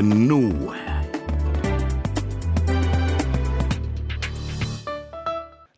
እንወያይ።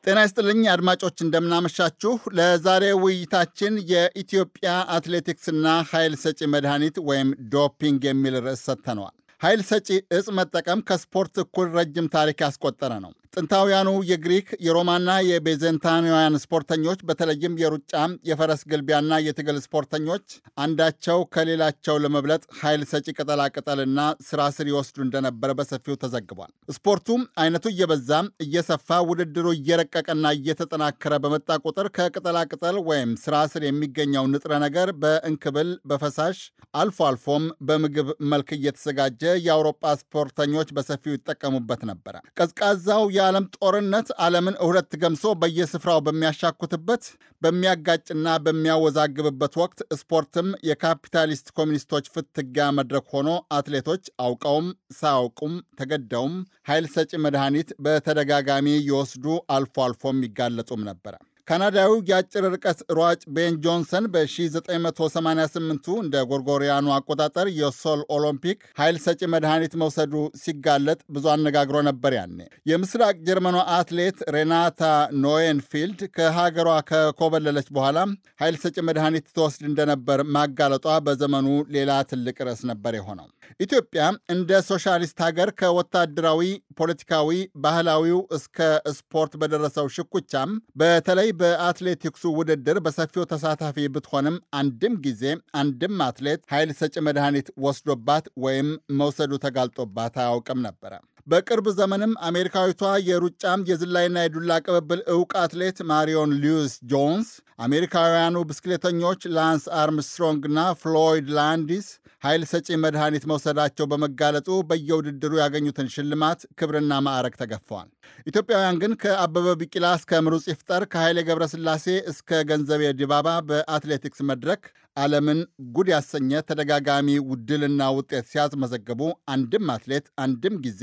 ጤና ይስጥልኝ አድማጮች፣ እንደምናመሻችሁ። ለዛሬ ውይይታችን የኢትዮጵያ አትሌቲክስና ኃይል ሰጪ መድኃኒት ወይም ዶፒንግ የሚል ርዕስ ሰጥተነዋል። ኃይል ሰጪ እጽ መጠቀም ከስፖርት እኩል ረጅም ታሪክ ያስቆጠረ ነው። ጥንታውያኑ የግሪክ የሮማና የቤዘንታናውያን ስፖርተኞች በተለይም የሩጫ የፈረስ ግልቢያና የትግል ስፖርተኞች አንዳቸው ከሌላቸው ለመብለጥ ኃይል ሰጪ ቅጠላቅጠልና ስራ ስር ይወስዱ እንደነበረ በሰፊው ተዘግቧል። ስፖርቱ አይነቱ እየበዛ እየሰፋ፣ ውድድሩ እየረቀቀና እየተጠናከረ በመጣ ቁጥር ከቅጠላቅጠል ወይም ስራ ስር የሚገኘው ንጥረ ነገር በእንክብል በፈሳሽ አልፎ አልፎም በምግብ መልክ እየተዘጋጀ የአውሮጳ ስፖርተኞች በሰፊው ይጠቀሙበት ነበረ። ቀዝቃዛው የዓለም ጦርነት ዓለምን እሁለት ገምሶ በየስፍራው በሚያሻኩትበት በሚያጋጭና በሚያወዛግብበት ወቅት ስፖርትም የካፒታሊስት ኮሚኒስቶች ፍትጊያ መድረክ ሆኖ አትሌቶች አውቀውም ሳያውቁም ተገደውም ኃይል ሰጪ መድኃኒት በተደጋጋሚ እየወስዱ አልፎ አልፎም ይጋለጡም ነበር። ካናዳዊ የአጭር ርቀት ሯጭ ቤን ጆንሰን በ1988 እንደ ጎርጎሪያኑ አቆጣጠር የሶል ኦሎምፒክ ኃይል ሰጪ መድኃኒት መውሰዱ ሲጋለጥ ብዙ አነጋግሮ ነበር። ያኔ የምስራቅ ጀርመኗ አትሌት ሬናታ ኖዌንፊልድ ከሀገሯ ከኮበለለች በኋላ ኃይል ሰጪ መድኃኒት ትወስድ እንደነበር ማጋለጧ በዘመኑ ሌላ ትልቅ ርዕስ ነበር የሆነው። ኢትዮጵያ እንደ ሶሻሊስት ሀገር ከወታደራዊ ፖለቲካዊ፣ ባህላዊው እስከ ስፖርት በደረሰው ሽኩቻም በተለይ በአትሌቲክሱ ውድድር በሰፊው ተሳታፊ ብትሆንም አንድም ጊዜ አንድም አትሌት ኃይል ሰጪ መድኃኒት ወስዶባት ወይም መውሰዱ ተጋልጦባት አያውቅም ነበረ። በቅርብ ዘመንም አሜሪካዊቷ የሩጫም የዝላይና የዱላ ቅብብል እውቅ አትሌት ማሪዮን ሉዊስ ጆንስ፣ አሜሪካውያኑ ብስክሌተኞች ላንስ አርምስትሮንግና ፍሎይድ ላንዲስ ኃይል ሰጪ መድኃኒት መወሰዳቸው በመጋለጡ በየውድድሩ ያገኙትን ሽልማት ክብርና ማዕረግ ተገፈዋል። ኢትዮጵያውያን ግን ከአበበ ቢቂላ እስከ ምሩጽ ይፍጠር፣ ከኃይሌ ገብረስላሴ እስከ ገንዘቤ ዲባባ በአትሌቲክስ መድረክ ዓለምን ጉድ ያሰኘ ተደጋጋሚ ውድልና ውጤት ሲያስመዘግቡ አንድም አትሌት አንድም ጊዜ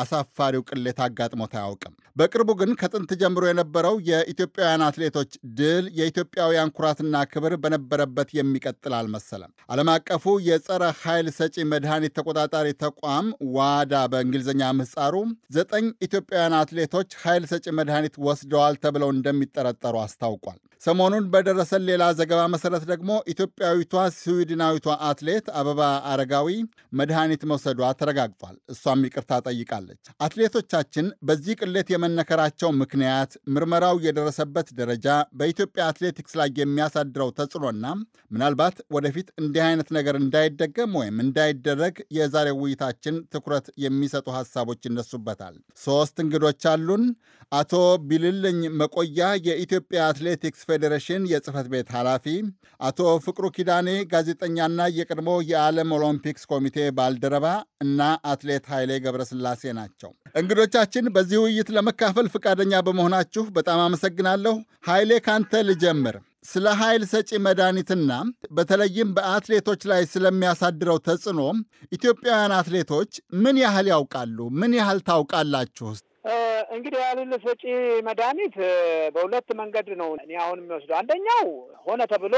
አሳፋሪው ቅሌት አጋጥሞት አያውቅም። በቅርቡ ግን ከጥንት ጀምሮ የነበረው የኢትዮጵያውያን አትሌቶች ድል የኢትዮጵያውያን ኩራትና ክብር በነበረበት የሚቀጥል አልመሰለም። ዓለም አቀፉ የጸረ ኃይል ሰጪ መድኃኒት ተቆጣጣሪ ተቋም ዋዳ በእንግሊዝኛ ምህጻሩ ዘጠኝ ኢትዮጵያውያን አትሌቶች ኃይል ሰጪ መድኃኒት ወስደዋል ተብለው እንደሚጠረጠሩ አስታውቋል። ሰሞኑን በደረሰን ሌላ ዘገባ መሰረት ደግሞ ኢትዮጵያዊቷ ስዊድናዊቷ አትሌት አበባ አረጋዊ መድኃኒት መውሰዷ ተረጋግጧል። እሷም ይቅርታ ጠይቃለች። አትሌቶቻችን በዚህ ቅሌት የመነከራቸው ምክንያት፣ ምርመራው የደረሰበት ደረጃ፣ በኢትዮጵያ አትሌቲክስ ላይ የሚያሳድረው ተጽዕኖና ምናልባት ወደፊት እንዲህ አይነት ነገር እንዳይደገም ወይም እንዳይደረግ የዛሬው ውይይታችን ትኩረት የሚሰጡ ሀሳቦች ይነሱበታል። ሶስት እንግዶች አሉን። አቶ ቢልልኝ መቆያ የኢትዮጵያ አትሌቲክስ ፌዴሬሽን የጽህፈት ቤት ኃላፊ አቶ ፍቅሩ ኪዳኔ ጋዜጠኛና የቀድሞ የዓለም ኦሎምፒክስ ኮሚቴ ባልደረባ እና አትሌት ኃይሌ ገብረስላሴ ናቸው። እንግዶቻችን በዚህ ውይይት ለመካፈል ፈቃደኛ በመሆናችሁ በጣም አመሰግናለሁ። ኃይሌ ካንተ ልጀምር። ስለ ኃይል ሰጪ መድኃኒትና በተለይም በአትሌቶች ላይ ስለሚያሳድረው ተጽዕኖ ኢትዮጵያውያን አትሌቶች ምን ያህል ያውቃሉ? ምን ያህል ታውቃላችሁ? እንግዲህ የእልል ሰጪ መድኃኒት በሁለት መንገድ ነው እኔ አሁን የሚወስደው። አንደኛው ሆነ ተብሎ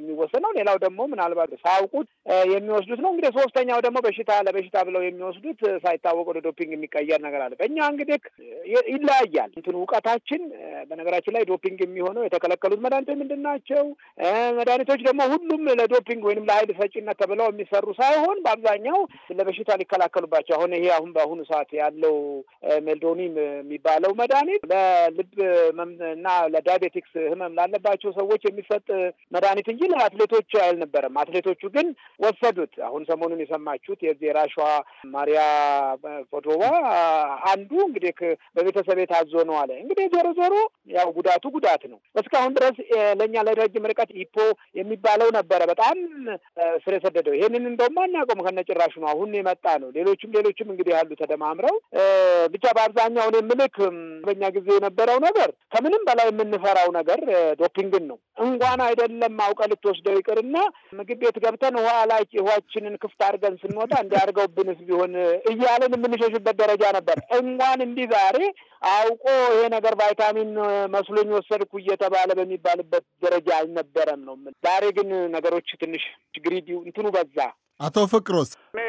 የሚወሰድ ነው። ሌላው ደግሞ ምናልባት ሳያውቁት የሚወስዱት ነው። እንግዲህ ሶስተኛው ደግሞ በሽታ ለበሽታ ብለው የሚወስዱት ሳይታወቅ ወደ ዶፒንግ የሚቀየር ነገር አለ። በእኛ እንግዲህ ይለያያል እንትን እውቀታችን። በነገራችን ላይ ዶፒንግ የሚሆነው የተከለከሉት መድኃኒቶች ምንድን ናቸው? መድኃኒቶች ደግሞ ሁሉም ለዶፒንግ ወይም ለሀይል ሰጪነት ተብለው የሚሰሩ ሳይሆን በአብዛኛው ለበሽታ ሊከላከሉባቸው አሁን ይሄ አሁን በአሁኑ ሰዓት ያለው ሜልዶኒም የሚባለው መድኃኒት ለልብ እና ለዳያቤቲክስ ህመም ላለባቸው ሰዎች የሚሰጥ መድኃኒት እንጂ ለአትሌቶች አልነበረም። አትሌቶቹ ግን ወሰዱት። አሁን ሰሞኑን የሰማችሁት የዚህ ራሿ ማሪያ ፖቶቫ አንዱ እንግዲህ በቤተሰብ የታዞ ነው አለ። እንግዲህ ዞሮ ዞሮ ያው ጉዳቱ ጉዳት ነው። እስካሁን ድረስ ለእኛ ለረጅም ርቀት ኢፖ የሚባለው ነበረ በጣም ስር የሰደደው። ይሄንን እንደውም አናውቀውም ከነጭራሹ ነው። አሁን የመጣ ነው። ሌሎችም ሌሎችም እንግዲህ ያሉ ተደማምረው ብቻ በአብዛኛው አሁን የምልክ በኛ ጊዜ የነበረው ነገር ከምንም በላይ የምንፈራው ነገር ዶፒንግን ነው። እንኳን አይደለም አውቀ ልትወስደው ይቅርና ምግብ ቤት ገብተን ውሃ ላይ ውሃችንን ክፍት አድርገን ስንወጣ ብንስ ቢሆን እያለን የምንሸሽበት ደረጃ ነበር። እንኳን እንዲህ ዛሬ አውቆ ይሄ ነገር ቫይታሚን መስሎኝ ወሰድኩ እየተባለ በሚባልበት ደረጃ አልነበረም ነው። ዛሬ ግን ነገሮች ትንሽ ግሪዲ እንትኑ በዛ አቶ ፍቅሮስ እኔ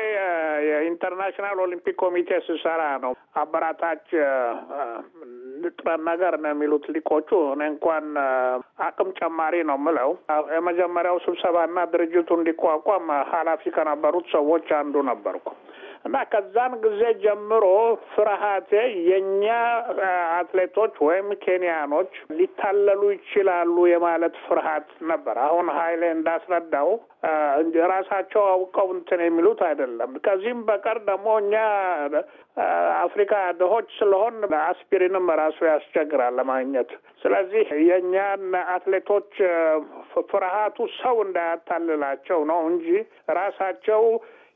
የኢንተርናሽናል ኦሊምፒክ ኮሚቴ ስሰራ ነው አበራታች ልጥረና ጋር ነው የሚሉት ሊቆቹ። እኔ እንኳን አቅም ጨማሪ ነው ምለው። የመጀመሪያው ስብሰባና ድርጅቱ እንዲቋቋም ኃላፊ ከነበሩት ሰዎች አንዱ ነበርኩ እና ከዛን ጊዜ ጀምሮ ፍርሃቴ የእኛ አትሌቶች ወይም ኬንያኖች ሊታለሉ ይችላሉ የማለት ፍርሃት ነበር። አሁን ኃይሌ እንዳስረዳው ራሳቸው አውቀው እንትን የሚሉት አይደለም። ከዚህም በቀር ደግሞ እኛ አፍሪካ ድሆች ስለሆን አስፒሪንም ራሱ ያስቸግራል ለማግኘት። ስለዚህ የእኛን አትሌቶች ፍርሃቱ ሰው እንዳያታልላቸው ነው እንጂ ራሳቸው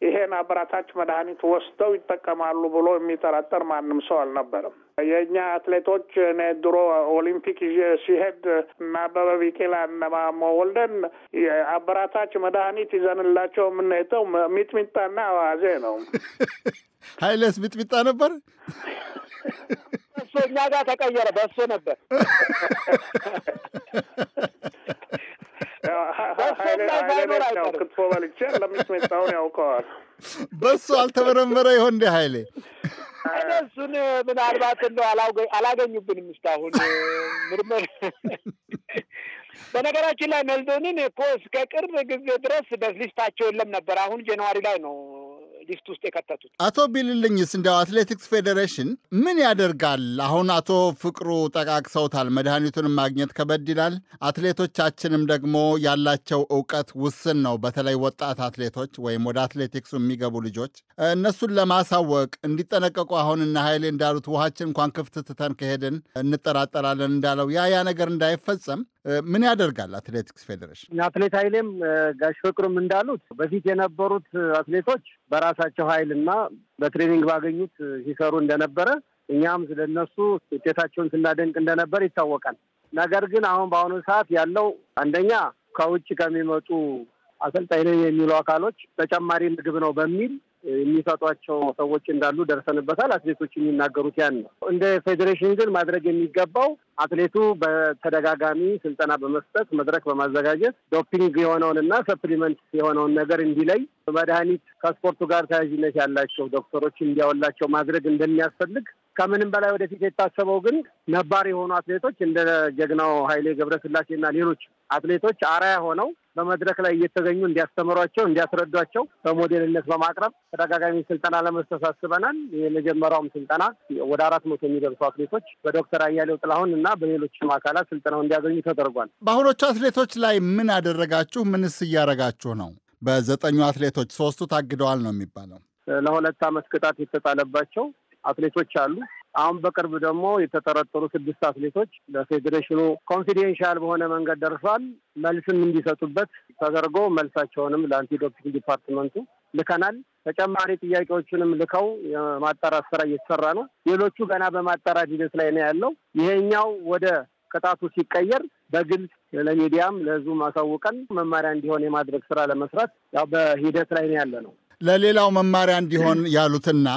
ይሄን አበራታች መድኃኒት ወስደው ይጠቀማሉ ብሎ የሚጠራጠር ማንም ሰው አልነበረም። የእኛ አትሌቶች እኔ ድሮ ኦሊምፒክ ሲሄድ እና አበበ ቢቂላ እና ማሞ ወልደን አበራታች መድኃኒት ይዘንላቸው የምንሄደው ሚጥሚጣና አዋዜ ነው። ሀይለስ ሚጥሚጣ ነበር። እሱ እኛ ጋር ተቀየረ። በሱ ነበር ክትፎ በልቼ ለሚጥሚጣውን ያውቀዋል። በሱ አልተመረመረ ይሆን እንዲህ ኃይሌ? እነሱን ምናልባት እንደው አላገኙብንም እስካሁን ምርመር። በነገራችን ላይ ሜልዶንን እኮ እስከ ቅርብ ጊዜ ድረስ በሊስታቸው የለም ነበር። አሁን ጀንዋሪ ላይ ነው ሊስት ውስጥ የከተቱት። አቶ ቢልልኝስ እንደው አትሌቲክስ ፌዴሬሽን ምን ያደርጋል? አሁን አቶ ፍቅሩ ጠቃቅሰውታል። መድኃኒቱን ማግኘት ከበድ ይላል። አትሌቶቻችንም ደግሞ ያላቸው እውቀት ውስን ነው። በተለይ ወጣት አትሌቶች ወይም ወደ አትሌቲክሱ የሚገቡ ልጆች እነሱን ለማሳወቅ እንዲጠነቀቁ አሁንና ኃይሌ እንዳሉት ውሃችን እንኳን ክፍት ትተን ከሄድን እንጠራጠራለን እንዳለው ያ ያ ነገር እንዳይፈጸም ምን ያደርጋል አትሌቲክስ ፌዴሬሽን? አትሌት ኃይሌም ጋሽ ፍቅሩም እንዳሉት በፊት የነበሩት አትሌቶች በራሳቸው ኃይል በትሬኒንግ ባገኙት ሲሰሩ እንደነበረ እኛም ስለነሱ ውጤታቸውን ስናደንቅ እንደነበር ይታወቃል። ነገር ግን አሁን በአሁኑ ሰዓት ያለው አንደኛ ከውጭ ከሚመጡ አሰልጣኝ የሚሉ አካሎች ተጨማሪ ምግብ ነው በሚል የሚሰጧቸው ሰዎች እንዳሉ ደርሰንበታል። አትሌቶች የሚናገሩት ያን ነው። እንደ ፌዴሬሽን ግን ማድረግ የሚገባው አትሌቱ በተደጋጋሚ ስልጠና በመስጠት መድረክ በማዘጋጀት ዶፒንግ የሆነውንና ሰፕሊመንት የሆነውን ነገር እንዲለይ መድኃኒት ከስፖርቱ ጋር ተያያዥነት ያላቸው ዶክተሮች እንዲያወላቸው ማድረግ እንደሚያስፈልግ ከምንም በላይ ወደፊት የታሰበው ግን ነባር የሆኑ አትሌቶች እንደ ጀግናው ኃይሌ ገብረስላሴና ሌሎች አትሌቶች አራያ ሆነው በመድረክ ላይ እየተገኙ እንዲያስተምሯቸው፣ እንዲያስረዷቸው በሞዴልነት በማቅረብ ተደጋጋሚ ስልጠና ለመስጠት አስበናል። የመጀመሪያውም ስልጠና ወደ አራት መቶ የሚደርሱ አትሌቶች በዶክተር አያሌው ጥላሁን እና በሌሎችም አካላት ስልጠናው እንዲያገኙ ተደርጓል። በአሁኖቹ አትሌቶች ላይ ምን አደረጋችሁ? ምንስ እያረጋችሁ ነው? በዘጠኙ አትሌቶች ሶስቱ ታግደዋል ነው የሚባለው። ለሁለት ዓመት ቅጣት የተጣለባቸው አትሌቶች አሉ። አሁን በቅርብ ደግሞ የተጠረጠሩ ስድስት አትሌቶች ለፌዴሬሽኑ ኮንፊዴንሻል በሆነ መንገድ ደርሷል። መልስም እንዲሰጡበት ተደርጎ መልሳቸውንም ለአንቲዶፒንግ ዲፓርትመንቱ ልከናል። ተጨማሪ ጥያቄዎችንም ልከው የማጣራት ስራ እየተሰራ ነው። ሌሎቹ ገና በማጣራት ሂደት ላይ ነው ያለው። ይሄኛው ወደ ቅጣቱ ሲቀየር በግልጽ ለሚዲያም ለሕዝቡ ማሳውቀን መማሪያ እንዲሆን የማድረግ ስራ ለመስራት ያው በሂደት ላይ ነው ያለ ነው። ለሌላው መማሪያ እንዲሆን ያሉትና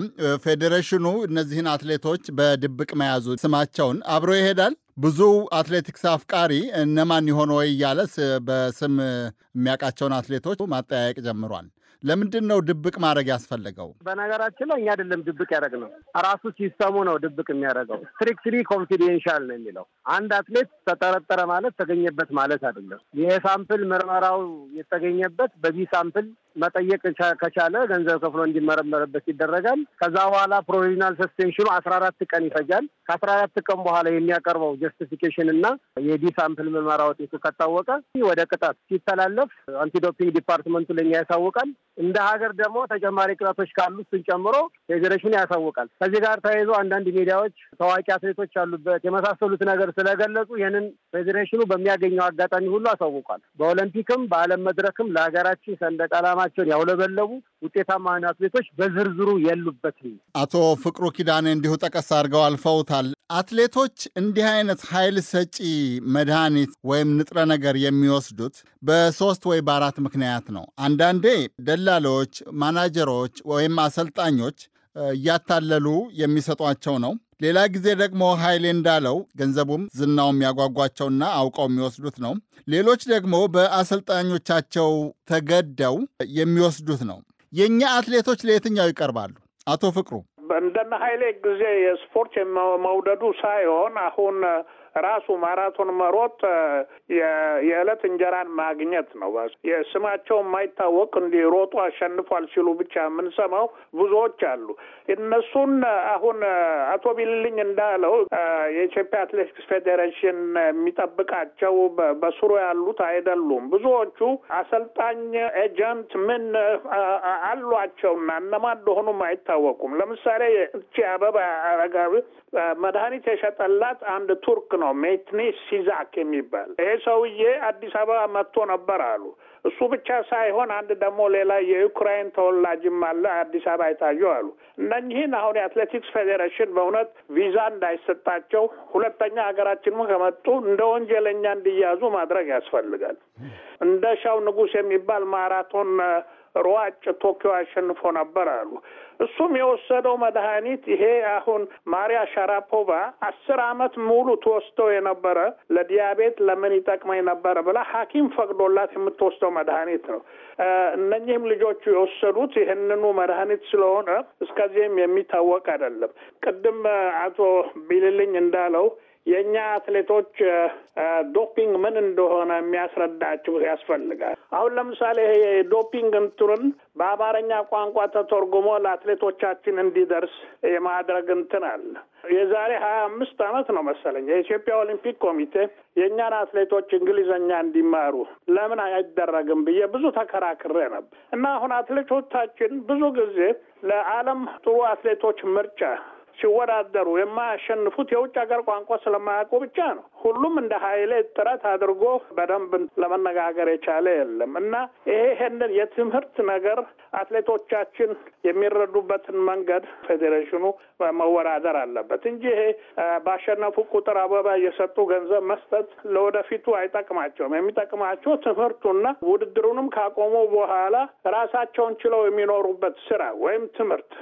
ፌዴሬሽኑ እነዚህን አትሌቶች በድብቅ መያዙ ስማቸውን አብሮ ይሄዳል። ብዙ አትሌቲክስ አፍቃሪ እነማን ይሆን ወይ እያለስ በስም የሚያውቃቸውን አትሌቶች ማጠያየቅ ጀምሯል። ለምንድን ነው ድብቅ ማድረግ ያስፈለገው? በነገራችን ላይ እኛ አይደለም ድብቅ ያደረግ ነው፣ ራሱ ሲስተሙ ነው ድብቅ የሚያደርገው። ስትሪክትሊ ኮንፊደንሻል ነው የሚለው። አንድ አትሌት ተጠረጠረ ማለት ተገኘበት ማለት አይደለም። ይሄ ሳምፕል ምርመራው የተገኘበት በዚህ ሳምፕል መጠየቅ ከቻለ ገንዘብ ከፍሎ እንዲመረመርበት ይደረጋል። ከዛ በኋላ ፕሮቪዥናል ሰስፔንሽኑ አስራ አራት ቀን ይፈጃል። ከአስራ አራት ቀን በኋላ የሚያቀርበው ጀስቲፊኬሽን እና የዲሳምፕል ምርመራ ውጤቱ ከታወቀ ወደ ቅጣት ሲተላለፍ አንቲዶፒንግ ዲፓርትመንቱ ለኛ ያሳውቃል። እንደ ሀገር ደግሞ ተጨማሪ ቅጣቶች ካሉ እሱን ጨምሮ ፌዴሬሽኑ ያሳውቃል። ከዚህ ጋር ተያይዞ አንዳንድ ሚዲያዎች ታዋቂ አትሌቶች ያሉበት የመሳሰሉት ነገር ስለገለጹ ይህንን ፌዴሬሽኑ በሚያገኘው አጋጣሚ ሁሉ አሳውቋል። በኦሎምፒክም በዓለም መድረክም ለሀገራችን ሰንደቅ ዓላማ ስማቸውን ያውለበለቡ ውጤታማ አትሌቶች በዝርዝሩ የሉበትም። አቶ ፍቅሩ ኪዳኔ እንዲሁ ጠቀስ አድርገው አልፈውታል። አትሌቶች እንዲህ አይነት ኃይል ሰጪ መድኃኒት ወይም ንጥረ ነገር የሚወስዱት በሶስት ወይ በአራት ምክንያት ነው። አንዳንዴ ደላሎች፣ ማናጀሮች ወይም አሰልጣኞች እያታለሉ የሚሰጧቸው ነው። ሌላ ጊዜ ደግሞ ኃይሌ እንዳለው ገንዘቡም ዝናው የሚያጓጓቸውና አውቀው የሚወስዱት ነው። ሌሎች ደግሞ በአሰልጣኞቻቸው ተገደው የሚወስዱት ነው። የእኛ አትሌቶች ለየትኛው ይቀርባሉ? አቶ ፍቅሩ እንደነ ኃይሌ ጊዜ የስፖርት የመውደዱ ሳይሆን አሁን ራሱ ማራቶን መሮጥ የዕለት እንጀራን ማግኘት ነው። የስማቸው የማይታወቅ እንዲሮጡ አሸንፏል ሲሉ ብቻ የምንሰማው ብዙዎች አሉ። እነሱን አሁን አቶ ቢልልኝ እንዳለው የኢትዮጵያ አትሌቲክስ ፌዴሬሽን የሚጠብቃቸው በስሩ ያሉት አይደሉም። ብዙዎቹ አሰልጣኝ ኤጀንት ምን አሏቸውና እነማን እንደሆኑም አይታወቁም። ለምሳሌ እቺ አበባ አረጋዊ መድኃኒት የሸጠላት አንድ ቱርክ ነው ነው ሜትኒ ሲዛክ የሚባል ይሄ ሰውዬ አዲስ አበባ መጥቶ ነበር አሉ። እሱ ብቻ ሳይሆን አንድ ደግሞ ሌላ የዩክራይን ተወላጅም አለ አዲስ አበባ የታዩ አሉ። እነኚህን አሁን የአትሌቲክስ ፌዴሬሽን በእውነት ቪዛ እንዳይሰጣቸው፣ ሁለተኛ ሀገራችንም ከመጡ እንደ ወንጀለኛ እንዲያዙ ማድረግ ያስፈልጋል። እንደ ሻው ንጉስ የሚባል ማራቶን ሯጭ ቶኪዮ አሸንፎ ነበር አሉ። እሱም የወሰደው መድኃኒት ይሄ አሁን ማሪያ ሻራፖቫ አስር አመት ሙሉ ትወስደው የነበረ ለዲያቤት ለምን ይጠቅመኝ ነበረ ብላ ሐኪም ፈቅዶላት የምትወስደው መድኃኒት ነው። እነኚህም ልጆቹ የወሰዱት ይህንኑ መድኃኒት ስለሆነ እስከዚህም የሚታወቅ አይደለም። ቅድም አቶ ቢልልኝ እንዳለው የእኛ አትሌቶች ዶፒንግ ምን እንደሆነ የሚያስረዳችሁ ያስፈልጋል። አሁን ለምሳሌ ዶፒንግ እንትኑን በአማርኛ ቋንቋ ተተርጉሞ ለአትሌቶቻችን እንዲደርስ የማድረግ እንትን አለ። የዛሬ ሀያ አምስት ዓመት ነው መሰለኝ የኢትዮጵያ ኦሊምፒክ ኮሚቴ የእኛን አትሌቶች እንግሊዘኛ እንዲማሩ ለምን አይደረግም ብዬ ብዙ ተከራክሬ ነበር እና አሁን አትሌቶቻችን ብዙ ጊዜ ለዓለም ጥሩ አትሌቶች ምርጫ ሲወዳደሩ የማያሸንፉት የውጭ ሀገር ቋንቋ ስለማያውቁ ብቻ ነው። ሁሉም እንደ ሀይሌ ጥረት አድርጎ በደንብ ለመነጋገር የቻለ የለም እና ይሄ ይሄንን የትምህርት ነገር አትሌቶቻችን የሚረዱበትን መንገድ ፌዴሬሽኑ መወዳደር አለበት እንጂ ይሄ ባሸነፉ ቁጥር አበባ እየሰጡ ገንዘብ መስጠት ለወደፊቱ አይጠቅማቸውም። የሚጠቅማቸው ትምህርቱና ውድድሩንም ካቆሙ በኋላ ራሳቸውን ችለው የሚኖሩበት ስራ ወይም ትምህርት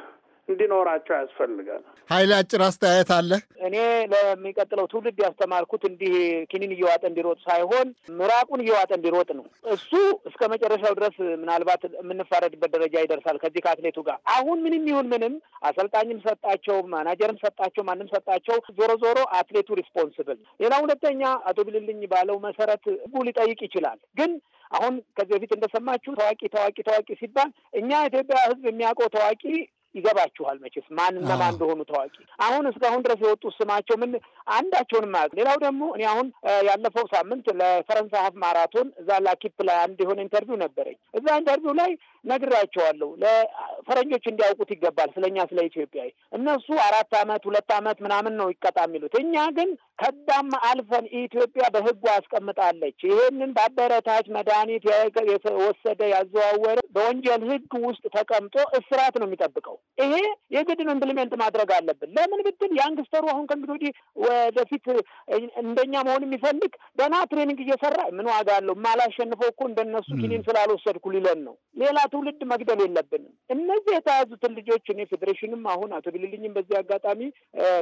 እንዲኖራቸው ያስፈልጋል። ኃይሌ አጭር አስተያየት አለ። እኔ ለሚቀጥለው ትውልድ ያስተማርኩት እንዲህ ኪኒን እየዋጠ እንዲሮጥ ሳይሆን ምራቁን እየዋጠ እንዲሮጥ ነው። እሱ እስከ መጨረሻው ድረስ ምናልባት የምንፋረድበት ደረጃ ይደርሳል ከዚህ ከአትሌቱ ጋር። አሁን ምንም ይሁን ምንም አሰልጣኝም ሰጣቸው፣ ማናጀርም ሰጣቸው፣ ማንም ሰጣቸው፣ ዞሮ ዞሮ አትሌቱ ሪስፖንስብል። ሌላ ሁለተኛ አቶ ብልልኝ ባለው መሰረት ህጉ ሊጠይቅ ይችላል ግን አሁን ከዚህ በፊት እንደሰማችሁ ታዋቂ ታዋቂ ታዋቂ ሲባል እኛ ኢትዮጵያ ሕዝብ የሚያውቀው ታዋቂ ይገባችኋል መቼስ ማን እና ማን እንደሆኑ ታዋቂ አሁን እስካሁን ድረስ የወጡ ስማቸው ምን አንዳቸውን ማለት ሌላው ደግሞ እኔ አሁን ያለፈው ሳምንት ለፈረንሳይ ሀፍ ማራቶን እዛ ላኪፕ ላይ አንድ የሆነ ኢንተርቪው ነበረኝ። እዛ ኢንተርቪው ላይ ነግራቸዋለሁ። ለፈረንጆች እንዲያውቁት ይገባል ስለ እኛ ስለ ኢትዮጵያ። እነሱ አራት አመት ሁለት አመት ምናምን ነው ይቀጣ የሚሉት። እኛ ግን ከዳም አልፈን ኢትዮጵያ በህጉ አስቀምጣለች። ይሄንን በአበረታች መድኃኒት የወሰደ ያዘዋወረ በወንጀል ህግ ውስጥ ተቀምጦ እስራት ነው የሚጠብቀው። ይሄ የግድን ኢምፕሊሜንት ማድረግ አለብን። ለምን ብትል ያንግስተሩ አሁን ከእንግዲህ ወዲህ ወደፊት እንደኛ መሆን የሚፈልግ ገና ትሬኒንግ እየሰራ ምን ዋጋ አለው? ማላሸንፈው እኮ እንደነሱ ኪኒን ስላልወሰድኩ ሊለን ነው ሌላ ትውልድ መግደል የለብንም። እነዚህ የተያዙትን ልጆች እኔ ፌዴሬሽንም አሁን አቶ ቢልልኝም በዚህ አጋጣሚ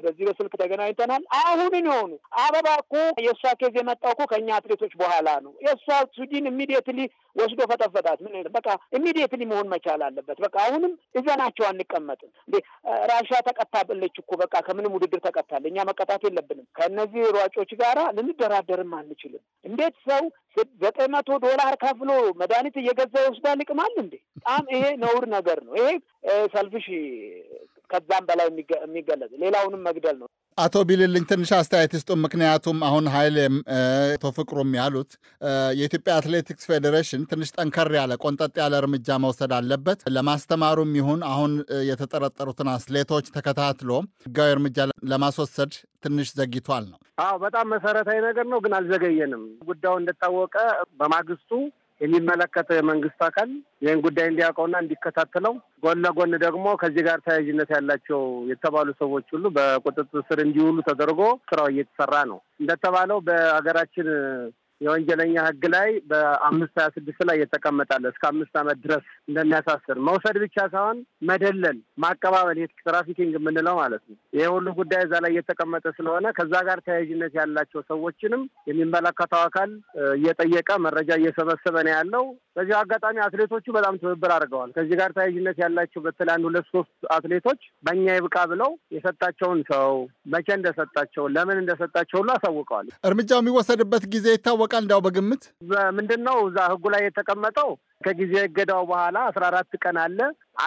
በዚህ በስልክ ተገናኝተናል። አሁንን የሆኑ አበባ እኮ የእሷ ኬዝ የመጣው እኮ ከእኛ አትሌቶች በኋላ ነው። የእሷ ሱዲን ኢሚዲየትሊ ወስዶ ፈጠፈጣት። ምን በቃ ኢሚዲየትሊ መሆን መቻል አለበት። በቃ አሁንም እዘናቸው አንቀመጥም እንዴ። ራሻ ተቀጣብለች እኮ በቃ ከምንም ውድድር ተቀጣል። እኛ መቀጣት የለብንም። ከእነዚህ ሯጮች ጋራ ልንደራደርም አንችልም። እንዴት ሰው ዘጠኝ መቶ ዶላር ከፍሎ መድኃኒት እየገዛ ይወስዳል፣ ይቅማል እንዴ? በጣም ይሄ ነውር ነገር ነው። ይሄ ሰልፍሽ ከዛም በላይ የሚገለጽ ሌላውንም መግደል ነው። አቶ ቢልልኝ ትንሽ አስተያየት ይስጡ። ምክንያቱም አሁን ኃይሌም አቶ ፍቅሩም ያሉት የኢትዮጵያ አትሌቲክስ ፌዴሬሽን ትንሽ ጠንከር ያለ ቆንጠጥ ያለ እርምጃ መውሰድ አለበት። ለማስተማሩም ይሁን አሁን የተጠረጠሩትን አትሌቶች ተከታትሎ ህጋዊ እርምጃ ለማስወሰድ ትንሽ ዘግይቷል ነው። አዎ፣ በጣም መሰረታዊ ነገር ነው፣ ግን አልዘገየንም። ጉዳዩ እንደታወቀ በማግስቱ የሚመለከተው የመንግስት አካል ይህን ጉዳይ እንዲያውቀውና እንዲከታተለው፣ ጎን ለጎን ደግሞ ከዚህ ጋር ተያያዥነት ያላቸው የተባሉ ሰዎች ሁሉ በቁጥጥር ስር እንዲውሉ ተደርጎ ስራው እየተሰራ ነው። እንደተባለው በሀገራችን የወንጀለኛ ህግ ላይ በአምስት ሀያ ስድስት ላይ እየተቀመጣለ እስከ አምስት አመት ድረስ እንደሚያሳስር መውሰድ ብቻ ሳይሆን መደለል፣ ማቀባበል ትራፊኪንግ የምንለው ማለት ነው። ይህ ሁሉ ጉዳይ እዛ ላይ የተቀመጠ ስለሆነ ከዛ ጋር ተያያዥነት ያላቸው ሰዎችንም የሚመለከተው አካል እየጠየቀ መረጃ እየሰበሰበ ነው ያለው። በዚህ አጋጣሚ አትሌቶቹ በጣም ትብብር አድርገዋል። ከዚህ ጋር ተያያዥነት ያላቸው በተለይ አንድ ሁለት ሶስት አትሌቶች በእኛ ይብቃ ብለው የሰጣቸውን ሰው መቼ እንደሰጣቸው ለምን እንደሰጣቸው ሁሉ አሳውቀዋል። እርምጃው የሚወሰድበት ጊዜ ይታወቃል። እንዳው በግምት ምንድን ነው እዛ ህጉ ላይ የተቀመጠው ከጊዜ እገዳው በኋላ አስራ አራት ቀን አለ።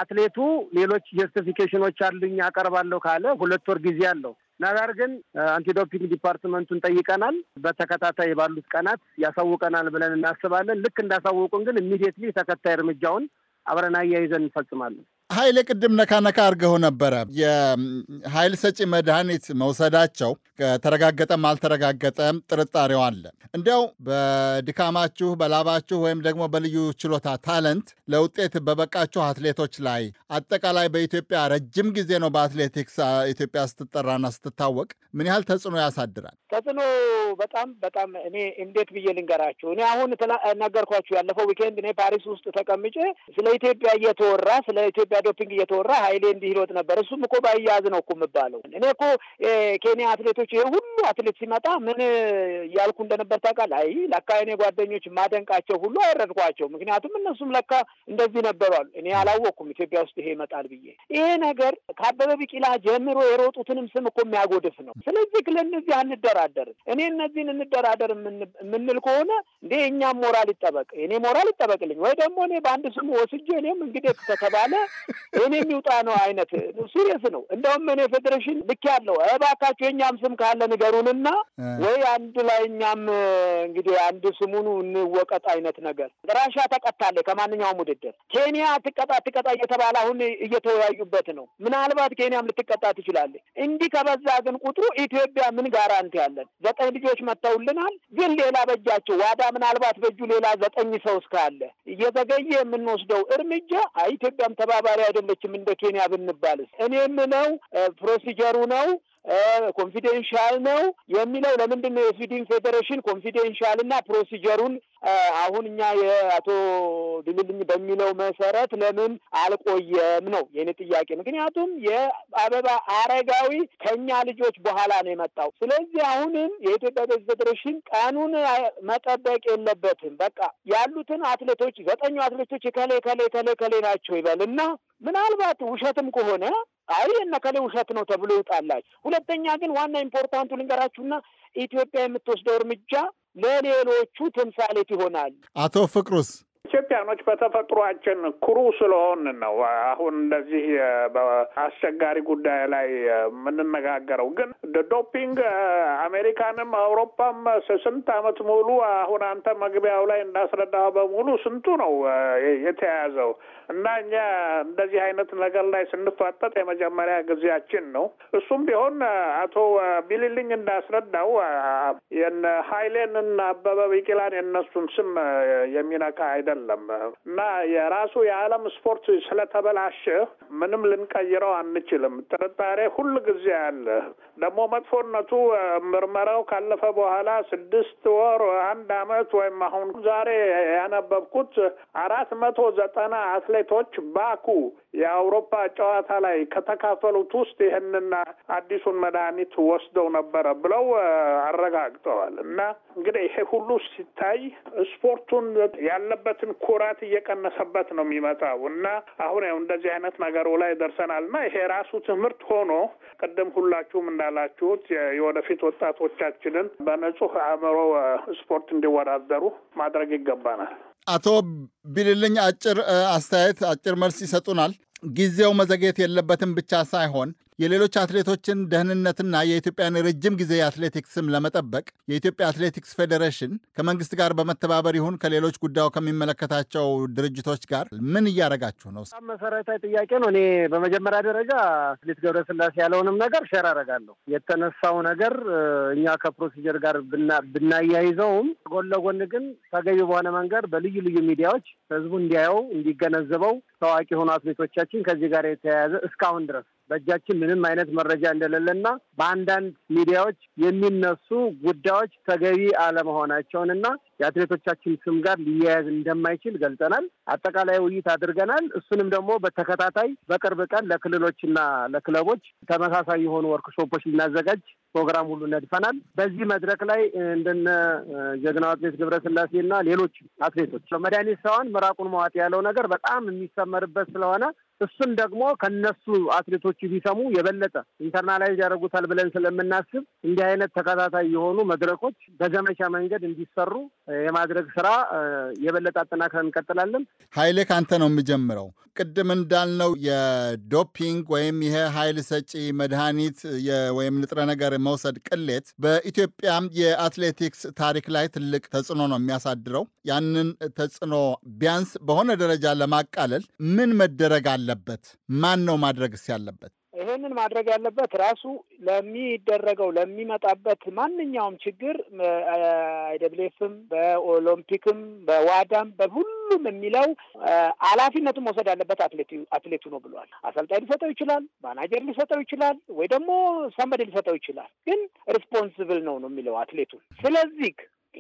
አትሌቱ ሌሎች ጀስቲፊኬሽኖች አሉኝ አቀርባለሁ ካለ ሁለት ወር ጊዜ አለው። ነገር ግን አንቲዶፒንግ ዲፓርትመንቱን ጠይቀናል። በተከታታይ ባሉት ቀናት ያሳውቀናል ብለን እናስባለን። ልክ እንዳሳወቁን ግን ኢሚዲየትሊ ተከታይ እርምጃውን አብረን አያይዘን እንፈጽማለን። ኃይሌ ቅድም ነካ ነካ አድርገው ነበረ። የኃይል ሰጪ መድኃኒት መውሰዳቸው ከተረጋገጠም አልተረጋገጠም ጥርጣሬው አለ። እንዲያው በድካማችሁ በላባችሁ ወይም ደግሞ በልዩ ችሎታ ታለንት ለውጤት በበቃችሁ አትሌቶች ላይ አጠቃላይ በኢትዮጵያ ረጅም ጊዜ ነው በአትሌቲክስ ኢትዮጵያ ስትጠራና ስትታወቅ ምን ያህል ተጽዕኖ ያሳድራል? ተጽዕኖ በጣም በጣም እኔ እንዴት ብዬ ልንገራችሁ። እኔ አሁን ነገርኳችሁ። ያለፈው ዊኬንድ እኔ ፓሪስ ውስጥ ተቀምጬ ስለ ኢትዮጵያ እየተወራ ስለ ኢትዮጵያ ዶፒንግ እየተወራ ሀይሌ እንዲህ ይሎት ነበር። እሱም እኮ ባያያዝ ነው እኮ የምባለው። እኔ እኮ ኬንያ አትሌቶች ይሄ ሁሉ አትሌት ሲመጣ ምን እያልኩ እንደነበር ታውቃለህ? አይ ለካ እኔ ጓደኞች ማደንቃቸው ሁሉ አይረድኳቸው። ምክንያቱም እነሱም ለካ እንደዚህ ነበሩ አሉ። እኔ አላወቅኩም ኢትዮጵያ ውስጥ ይሄ ይመጣል ብዬ። ይሄ ነገር ከአበበ ቢቂላ ጀምሮ የሮጡትንም ስም እኮ የሚያጎድፍ ነው። ስለዚህ ለእነዚህ አንደራደርም። እኔ እነዚህን እንደራደር የምንል ከሆነ እንዴ እኛም ሞራል ይጠበቅ፣ እኔ ሞራል ይጠበቅልኝ ወይ ደግሞ እኔ በአንድ ስሙ ወስጄ እኔም እንግዲህ ከተባለ እኔ የሚውጣ ነው አይነት ሲሪየስ ነው። እንደውም እኔ ፌዴሬሽን ልክ ያለው እባካችሁ የእኛም ስም ካለ ንገሩንና ወይ አንድ ላይ እኛም እንግዲህ አንድ ስሙኑ እንወቀጥ አይነት ነገር። ራሽያ ተቀጣለች ከማንኛውም ውድድር፣ ኬንያ ትቀጣ ትቀጣ እየተባለ አሁን እየተወያዩበት ነው። ምናልባት ኬንያም ልትቀጣ ትችላለች። እንዲህ ከበዛ ግን ቁጥሩ ኢትዮጵያ ምን ጋራንቲ ያለን? ዘጠኝ ልጆች መጥተውልናል፣ ግን ሌላ በጃቸው ዋዳ ምናልባት በእጁ ሌላ ዘጠኝ ሰው እስካለ እየዘገየ የምንወስደው እርምጃ ኢትዮጵያም ተባባ ተግባራዊ አይደለችም። እንደ ኬንያ ብንባልስ እኔ የምለው ፕሮሲጀሩ ነው ኮንፊደንሻል ነው የሚለው ለምንድን ነው የፊዲንግ ፌዴሬሽን ኮንፊደንሻል እና ፕሮሲጀሩን አሁን እኛ የአቶ ድልልኝ በሚለው መሰረት ለምን አልቆየም ነው የኔ ጥያቄ። ምክንያቱም የአበባ አረጋዊ ከኛ ልጆች በኋላ ነው የመጣው። ስለዚህ አሁንም የኢትዮጵያ ቴኒስ ፌዴሬሽን ቀኑን መጠበቅ የለበትም። በቃ ያሉትን አትሌቶች ዘጠኙ አትሌቶች የከሌ ከሌ ከሌ ከሌ ናቸው ይበል እና ምናልባት ውሸትም ከሆነ አይ የነከሌ ውሸት ነው ተብሎ ይውጣላች። ሁለተኛ ግን ዋና ኢምፖርታንቱ ልንገራችሁና ኢትዮጵያ የምትወስደው እርምጃ ለሌሎቹ ትምሳሌት ይሆናል። አቶ ፍቅሩስ ኢትዮጵያኖች በተፈጥሯችን ኩሩ ስለሆን ነው አሁን እንደዚህ በአስቸጋሪ ጉዳይ ላይ የምንነጋገረው። ግን ዶፒንግ አሜሪካንም አውሮፓም ስንት አመት ሙሉ አሁን አንተ መግቢያው ላይ እንዳስረዳ በሙሉ ስንቱ ነው የተያያዘው እና እኛ እንደዚህ አይነት ነገር ላይ ስንፋጠጥ የመጀመሪያ ጊዜያችን ነው። እሱም ቢሆን አቶ ቢልልኝ እንዳስረዳው የነ ሀይሌንና አበበ ቢቂላን የነሱን ስም የሚነካ አይደለም። አይደለም እና የራሱ የዓለም ስፖርት ስለተበላሸ ምንም ልንቀይረው አንችልም። ጥርጣሬ ሁል ጊዜ አለ። ደግሞ መጥፎነቱ ምርመራው ካለፈ በኋላ ስድስት ወር አንድ አመት ወይም አሁን ዛሬ ያነበብኩት አራት መቶ ዘጠና አትሌቶች ባኩ የአውሮፓ ጨዋታ ላይ ከተካፈሉት ውስጥ ይህንና አዲሱን መድኃኒት ወስደው ነበረ ብለው አረጋግጠዋል። እና እንግዲህ ይሄ ሁሉ ሲታይ ስፖርቱን ያለበት የእውነትን ኩራት እየቀነሰበት ነው የሚመጣው እና አሁን ያው እንደዚህ አይነት ነገሩ ላይ ደርሰናል እና ይሄ ራሱ ትምህርት ሆኖ ቅድም ሁላችሁም እንዳላችሁት የወደፊት ወጣቶቻችንን በንጹህ አእምሮ ስፖርት እንዲወዳደሩ ማድረግ ይገባናል። አቶ ቢልልኝ አጭር አስተያየት አጭር መልስ ይሰጡናል። ጊዜው መዘግየት የለበትም ብቻ ሳይሆን የሌሎች አትሌቶችን ደህንነትና የኢትዮጵያን ረጅም ጊዜ የአትሌቲክስም ለመጠበቅ የኢትዮጵያ አትሌቲክስ ፌዴሬሽን ከመንግስት ጋር በመተባበር ይሁን ከሌሎች ጉዳዩ ከሚመለከታቸው ድርጅቶች ጋር ምን እያደረጋችሁ ነው? መሰረታዊ ጥያቄ ነው። እኔ በመጀመሪያ ደረጃ አትሌት ገብረስላሴ ያለውንም ነገር ሸር አደርጋለሁ። የተነሳው ነገር እኛ ከፕሮሲጀር ጋር ብናያይዘውም ጎን ለጎን ግን ተገቢ በሆነ መንገድ በልዩ ልዩ ሚዲያዎች ህዝቡ እንዲያየው እንዲገነዘበው ታዋቂ የሆኑ አትሌቶቻችን ከዚህ ጋር የተያያዘ እስካሁን ድረስ በእጃችን ምንም አይነት መረጃ እንደሌለና በአንዳንድ ሚዲያዎች የሚነሱ ጉዳዮች ተገቢ አለመሆናቸውንና የአትሌቶቻችን ስም ጋር ሊያያዝ እንደማይችል ገልጸናል። አጠቃላይ ውይይት አድርገናል። እሱንም ደግሞ በተከታታይ በቅርብ ቀን ለክልሎችና ለክለቦች ተመሳሳይ የሆኑ ወርክሾፖች ልናዘጋጅ ፕሮግራም ሁሉ ነድፈናል። በዚህ መድረክ ላይ እንደነ ጀግናው አትሌት ገብረስላሴና ሌሎች አትሌቶች መድኃኒት ሰዋን ምራቁን መዋጥ ያለው ነገር በጣም የሚሰመርበት ስለሆነ እሱን ደግሞ ከነሱ አትሌቶቹ ቢሰሙ የበለጠ ኢንተርናላይዝ ያደርጉታል ብለን ስለምናስብ እንዲህ አይነት ተከታታይ የሆኑ መድረኮች በዘመቻ መንገድ እንዲሰሩ የማድረግ ስራ የበለጠ አጠናክረን እንቀጥላለን። ኃይሌ ካንተ ነው የምጀምረው። ቅድም እንዳልነው የዶፒንግ ወይም ይሄ ኃይል ሰጪ መድኃኒት ወይም ንጥረ ነገር መውሰድ ቅሌት በኢትዮጵያም የአትሌቲክስ ታሪክ ላይ ትልቅ ተጽዕኖ ነው የሚያሳድረው። ያንን ተጽዕኖ ቢያንስ በሆነ ደረጃ ለማቃለል ምን መደረግ አለ? ያለበት? ማን ነው ማድረግስ ያለበት? ይህንን ማድረግ ያለበት ራሱ ለሚደረገው ለሚመጣበት ማንኛውም ችግር አይደብሌፍም በኦሎምፒክም በዋዳም በሁሉም የሚለው ኃላፊነቱን መውሰድ ያለበት አትሌቱ ነው ብሏል። አሰልጣኝ ሊሰጠው ይችላል፣ ማናጀር ሊሰጠው ይችላል፣ ወይ ደግሞ ሰንበዴ ሊሰጠው ይችላል። ግን ሪስፖንስብል ነው ነው የሚለው አትሌቱ። ስለዚህ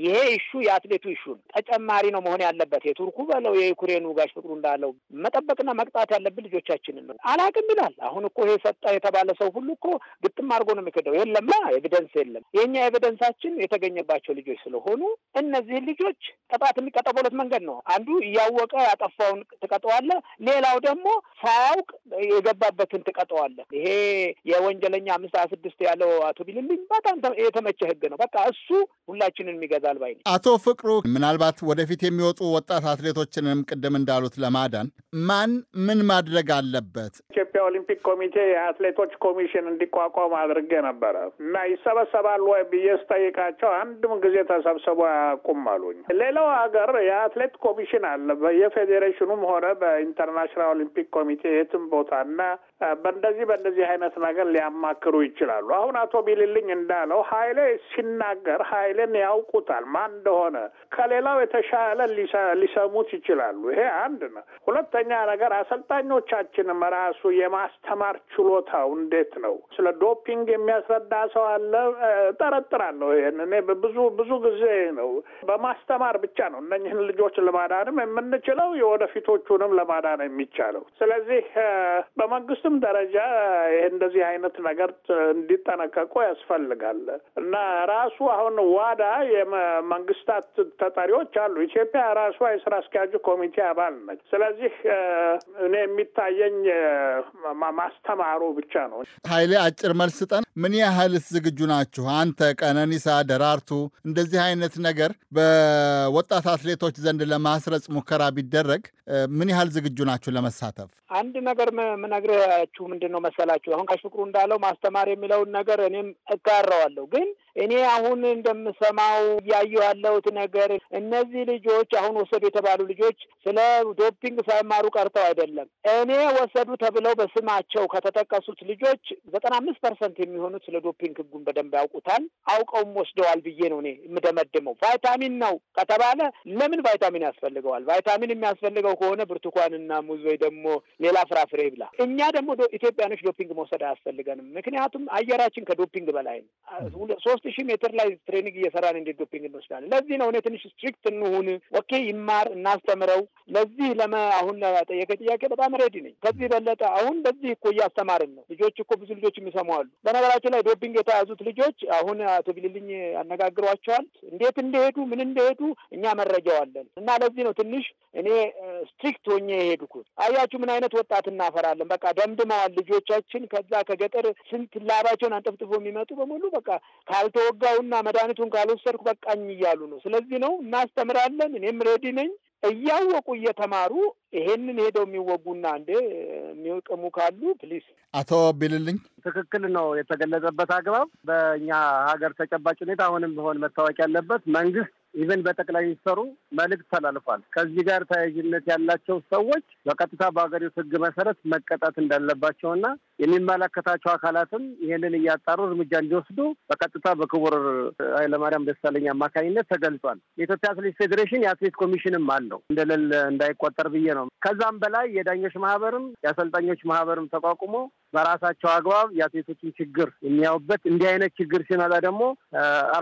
ይሄ ሹ የአትሌቱ ነው። ተጨማሪ ነው መሆን ያለበት። የቱርኩ በለው የዩክሬኑ ጋሽ ፍቅሩ እንዳለው መጠበቅና መቅጣት ያለብን ልጆቻችንን ነው። አላቅም ይላል። አሁን እኮ ይሄ ሰጠ የተባለ ሰው ሁሉ እኮ ግጥም አድርጎ ነው የሚክደው። የለማ ኤቪደንስ የለም። የእኛ ኤቪደንሳችን የተገኘባቸው ልጆች ስለሆኑ እነዚህን ልጆች ቅጣት የሚቀጠበሉት መንገድ ነው። አንዱ እያወቀ ያጠፋውን ትቀጠዋለ፣ ሌላው ደግሞ ሳያውቅ የገባበትን ትቀጠዋለ። ይሄ የወንጀለኛ አምስት ስድስት ያለው አቶ ቢልልኝ በጣም የተመቸ ህግ ነው። በቃ እሱ ሁላችንን የሚገዛ ያግዛል ባይ አቶ ፍቅሩ፣ ምናልባት ወደፊት የሚወጡ ወጣት አትሌቶችንም ቅድም እንዳሉት ለማዳን ማን ምን ማድረግ አለበት? ኢትዮጵያ ኦሊምፒክ ኮሚቴ የአትሌቶች ኮሚሽን እንዲቋቋም አድርጌ ነበረ እና ይሰበሰባሉ ወይ ብዬ ስጠይቃቸው አንድም ጊዜ ተሰብስቦ አያውቁም አሉኝ። ሌላው ሀገር የአትሌት ኮሚሽን አለ በየፌዴሬሽኑም ሆነ በኢንተርናሽናል ኦሊምፒክ ኮሚቴ የትም እና በእንደዚህ በእንደዚህ አይነት ነገር ሊያማክሩ ይችላሉ። አሁን አቶ ቢልልኝ እንዳለው ኃይሌ ሲናገር ኃይሌን ያውቁታል ይችላል። ማን እንደሆነ ከሌላው የተሻለ ሊሰሙት ይችላሉ። ይሄ አንድ ነው። ሁለተኛ ነገር አሰልጣኞቻችንም ራሱ የማስተማር ችሎታው እንዴት ነው? ስለ ዶፒንግ የሚያስረዳ ሰው አለ። ጠረጥራለሁ። ይሄን እኔ ብዙ ብዙ ጊዜ ነው በማስተማር ብቻ ነው እነኝህን ልጆች ለማዳንም የምንችለው የወደፊቶቹንም ለማዳን የሚቻለው። ስለዚህ በመንግስትም ደረጃ ይህ እንደዚህ አይነት ነገር እንዲጠነቀቁ ያስፈልጋል እና ራሱ አሁን ዋዳ መንግስታት ተጠሪዎች አሉ። ኢትዮጵያ ራሷ የስራ አስኪያጁ ኮሚቴ አባል ነች። ስለዚህ እኔ የሚታየኝ ማስተማሩ ብቻ ነው። ኃይሌ አጭር መልስ ስጠን። ምን ያህልስ ዝግጁ ናችሁ? አንተ፣ ቀነኒሳ ደራርቱ፣ እንደዚህ አይነት ነገር በወጣት አትሌቶች ዘንድ ለማስረጽ ሙከራ ቢደረግ ምን ያህል ዝግጁ ናችሁ ለመሳተፍ? አንድ ነገር ምነግራችሁ ምንድን ነው መሰላችሁ አሁን ከሽፍቅሩ እንዳለው ማስተማር የሚለውን ነገር እኔም እጋራዋለሁ ግን እኔ አሁን እንደምሰማው እያየሁ ያለሁት ነገር እነዚህ ልጆች አሁን ወሰዱ የተባሉ ልጆች ስለ ዶፒንግ ሳይማሩ ቀርተው አይደለም። እኔ ወሰዱ ተብለው በስማቸው ከተጠቀሱት ልጆች ዘጠና አምስት ፐርሰንት የሚሆኑት ስለ ዶፒንግ ህጉን በደንብ ያውቁታል፣ አውቀውም ወስደዋል ብዬ ነው እኔ የምደመድመው። ቫይታሚን ነው ከተባለ ለምን ቫይታሚን ያስፈልገዋል? ቫይታሚን የሚያስፈልገው ከሆነ ብርቱካንና ሙዝ ወይ ደግሞ ሌላ ፍራፍሬ ብላ። እኛ ደግሞ ኢትዮጵያኖች ዶፒንግ መውሰድ አያስፈልገንም፣ ምክንያቱም አየራችን ከዶፒንግ በላይ ነው። ሶስት ሺህ ሜትር ላይ ትሬኒንግ እየሰራን እንዴት ዶፒንግ እንወስዳለን? ለዚህ ነው እኔ ትንሽ ስትሪክት እንሁን። ኦኬ ይማር እናስተምረው። ለዚህ ለመ አሁን ለጠየቀ ጥያቄ በጣም ሬዲ ነኝ። ከዚህ በለጠ አሁን በዚህ እኮ እያስተማርን ነው። ልጆች እኮ ብዙ ልጆች የሚሰሙ አሉ። በነገራችን ላይ ዶፒንግ የተያዙት ልጆች አሁን አቶ ቢልልኝ ያነጋግሯቸዋል። እንዴት እንደሄዱ ምን እንደሄዱ እኛ መረጃው አለን እና ለዚህ ነው ትንሽ እኔ ስትሪክት ሆኜ የሄድኩት። አያችሁ ምን አይነት ወጣት እናፈራለን። በቃ ደምድመዋል ልጆቻችን። ከዛ ከገጠር ስንት ላባቸውን አንጠፍጥፎ የሚመጡ በሙሉ በቃ ካልተ ከተወጋውና መድኃኒቱን ካልወሰድኩ በቃኝ እያሉ ነው። ስለዚህ ነው እናስተምራለን። እኔም ሬዲ ነኝ። እያወቁ እየተማሩ ይሄንን ሄደው የሚወጉና እንዴ የሚወቅሙ ካሉ ፕሊስ አቶ ቢልልኝ ትክክል ነው የተገለጸበት አግባብ በእኛ ሀገር ተጨባጭ ሁኔታ አሁንም ቢሆን መታወቅ ያለበት መንግስት ኢቨን በጠቅላይ ሚኒስተሩ መልእክት ተላልፏል። ከዚህ ጋር ተያያዥነት ያላቸው ሰዎች በቀጥታ በሀገሪቱ ሕግ መሰረት መቀጣት እንዳለባቸውና የሚመለከታቸው አካላትም ይህንን እያጣሩ እርምጃ እንዲወስዱ በቀጥታ በክቡር ኃይለማርያም ደሳለኝ አማካኝነት ተገልጿል። የኢትዮጵያ አትሌት ፌዴሬሽን የአትሌት ኮሚሽንም አለው እንደሌለ እንዳይቆጠር ብዬ ነው። ከዛም በላይ የዳኞች ማህበርም የአሰልጣኞች ማህበርም ተቋቁሞ በራሳቸው አግባብ የአትሌቶችን ችግር የሚያዩበት እንዲህ አይነት ችግር ሲመጣ ደግሞ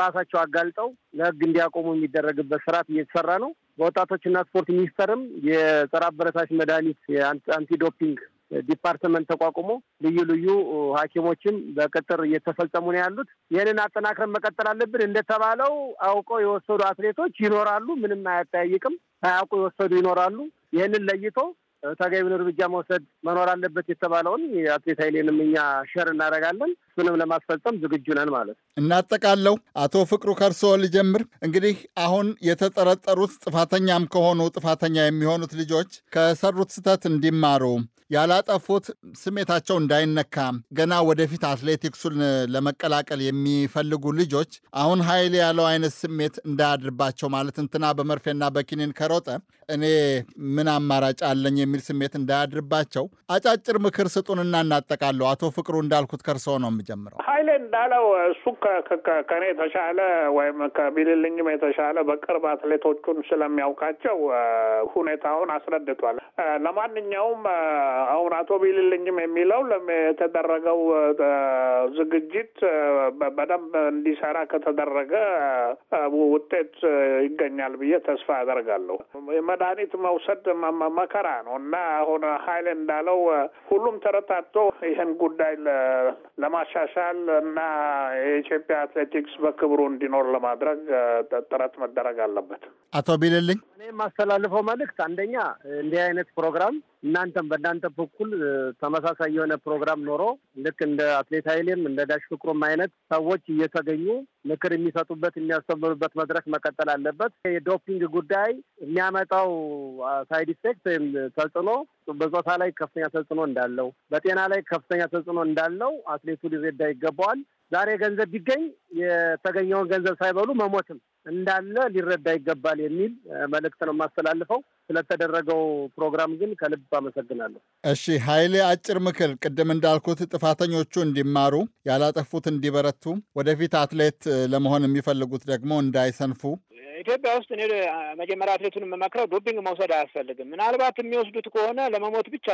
ራሳቸው አጋልጠው ለህግ እንዲያቆሙ የሚደረግበት ስርዓት እየተሰራ ነው። በወጣቶችና ስፖርት ሚኒስቴርም የጸረ አበረታች መድኃኒት የአንቲዶፒንግ ዲፓርትመንት ተቋቁሞ ልዩ ልዩ ሐኪሞችን በቅጥር እየተፈጸሙ ነው ያሉት። ይህንን አጠናክረን መቀጠል አለብን። እንደተባለው አውቀው የወሰዱ አትሌቶች ይኖራሉ። ምንም አያጠያይቅም። ሳያውቁ የወሰዱ ይኖራሉ። ይህንን ለይቶ ተገቢውን እርምጃ መውሰድ መኖር አለበት የተባለውን የአትሌት ኃይሌንም እኛ ሸር እናደርጋለን። እሱንም ለማስፈጸም ዝግጁ ነን ማለት ነው። እናጠቃለው። አቶ ፍቅሩ ከርሶ ልጀምር። እንግዲህ አሁን የተጠረጠሩት ጥፋተኛም ከሆኑ ጥፋተኛ የሚሆኑት ልጆች ከሰሩት ስህተት እንዲማሩ ያላጠፉት ስሜታቸው እንዳይነካ ገና ወደፊት አትሌቲክሱን ለመቀላቀል የሚፈልጉ ልጆች አሁን ኃይል ያለው አይነት ስሜት እንዳያድርባቸው ማለት እንትና በመርፌና በኪኒን ከሮጠ እኔ ምን አማራጭ አለኝ የሚ የሚል ስሜት እንዳያድርባቸው አጫጭር ምክር ስጡንና እናጠቃለሁ። አቶ ፍቅሩ እንዳልኩት ከርሰው ነው የምጀምረው። ኃይሌ እንዳለው እሱ ከኔ የተሻለ ወይም ከቢልልኝም የተሻለ በቅርብ አትሌቶቹን ስለሚያውቃቸው ሁኔታውን አስረድቷል። ለማንኛውም አሁን አቶ ቢልልኝም የሚለው የተደረገው ዝግጅት በደንብ እንዲሰራ ከተደረገ ውጤት ይገኛል ብዬ ተስፋ አደርጋለሁ። የመድኃኒት መውሰድ መከራ ነው እና አሁን ኃይል እንዳለው ሁሉም ተረታቶ ይህን ጉዳይ ለማሻሻል እና የኢትዮጵያ አትሌቲክስ በክብሩ እንዲኖር ለማድረግ ጥረት መደረግ አለበት። አቶ ቢልልኝ እኔ የማስተላልፈው መልእክት አንደኛ እንዲህ አይነት ፕሮግራም እናንተም በእናንተ በኩል ተመሳሳይ የሆነ ፕሮግራም ኖሮ ልክ እንደ አትሌት ኃይሌም እንደ ዳሽ ፍቅሩም አይነት ሰዎች እየተገኙ ምክር የሚሰጡበት የሚያስተምሩበት መድረክ መቀጠል አለበት። የዶፒንግ ጉዳይ የሚያመጣው ሳይድ ኢፌክት ወይም ተጽዕኖ በጾታ ላይ ከፍተኛ ተጽዕኖ እንዳለው፣ በጤና ላይ ከፍተኛ ተጽዕኖ እንዳለው አትሌቱ ሊረዳ ይገባዋል። ዛሬ ገንዘብ ቢገኝ የተገኘውን ገንዘብ ሳይበሉ መሞትም እንዳለ ሊረዳ ይገባል የሚል መልእክት ነው የማስተላልፈው። ስለተደረገው ፕሮግራም ግን ከልብ አመሰግናለሁ። እሺ ኃይሌ፣ አጭር ምክር። ቅድም እንዳልኩት ጥፋተኞቹ እንዲማሩ፣ ያላጠፉት እንዲበረቱ፣ ወደፊት አትሌት ለመሆን የሚፈልጉት ደግሞ እንዳይሰንፉ ኢትዮጵያ ውስጥ እኔ መጀመሪያ አትሌቱን የምመክረው ዶፒንግ መውሰድ አያስፈልግም። ምናልባት የሚወስዱት ከሆነ ለመሞት ብቻ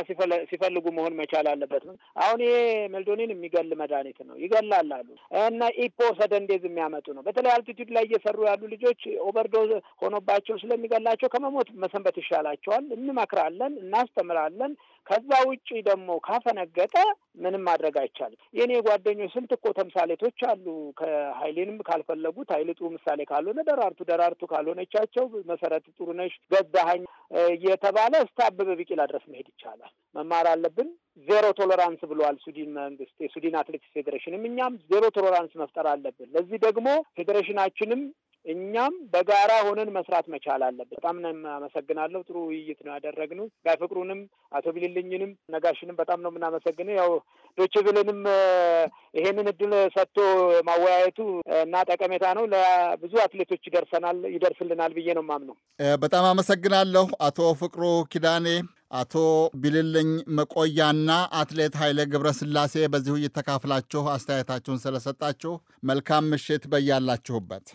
ሲፈልጉ መሆን መቻል አለበት። አሁን ይሄ ሜልዶኒን የሚገል መድኃኒት ነው ይገላል አሉ እና ኢፖ ሰደንዴዝ የሚያመጡ ነው። በተለይ አልቲቱድ ላይ እየሰሩ ያሉ ልጆች ኦቨርዶዝ ሆኖባቸው ስለሚገላቸው ከመሞት መሰንበት ይሻላቸዋል። እንመክራለን፣ እናስተምራለን። ከዛ ውጪ ደግሞ ካፈነገጠ ምንም ማድረግ አይቻልም። የእኔ ጓደኞች ስንት እኮ ተምሳሌቶች አሉ። ከሀይሌንም ካልፈለጉት ሀይል ጥሩ ምሳሌ ካልሆነ ደራርቱ፣ ደራርቱ ካልሆነቻቸው መሰረት ጥሩነሽ፣ ገዛሀኝ እየተባለ እስከ አበበ ቢቂላ ድረስ መሄድ ይቻላል። መማር አለብን። ዜሮ ቶለራንስ ብለዋል ሱዲን መንግስት፣ የሱዲን አትሌቲክስ ፌዴሬሽንም እኛም ዜሮ ቶለራንስ መፍጠር አለብን። ለዚህ ደግሞ ፌዴሬሽናችንም እኛም በጋራ ሆነን መስራት መቻል አለብን። በጣም ነው የማመሰግናለሁ። ጥሩ ውይይት ነው ያደረግነው። ጋይ ፍቅሩንም አቶ ቢልልኝንም ነጋሽንም በጣም ነው የምናመሰግነው። ያው ዶች ብልንም ይሄንን እድል ሰጥቶ ማወያየቱ እና ጠቀሜታ ነው ለብዙ አትሌቶች ይደርሰናል ይደርስልናል ብዬ ነው የማምነው። በጣም አመሰግናለሁ አቶ ፍቅሩ ኪዳኔ አቶ ቢልልኝ መቆያና አትሌት ኃይሌ ገብረስላሴ በዚህ ውይይት ተካፍላችሁ አስተያየታችሁን ስለሰጣችሁ መልካም ምሽት በያላችሁበት።